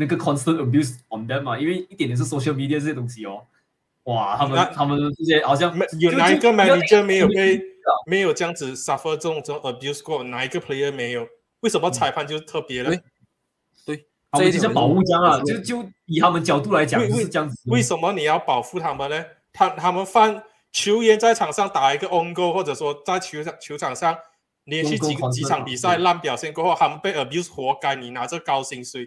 那個 constant abuse on them 嘛、啊，因為一點嘢一點點是 social media 這些東西哦。哇，他們那他們這些好像有哪一個 manager 沒有被？被沒有這樣子 suffer 這種這種 abuse 過？哪一個 player 沒有？為什麼裁判就是特別咧、嗯？對，這已經係保護這樣啊，對就就以他們角度來講，對為什麼你要保護他們咧？他他們犯球員在場上打一個 ongo，或者說在球場球場上連續幾個幾場比賽爛表現過後，他們被 abuse 活該。你拿着高薪水。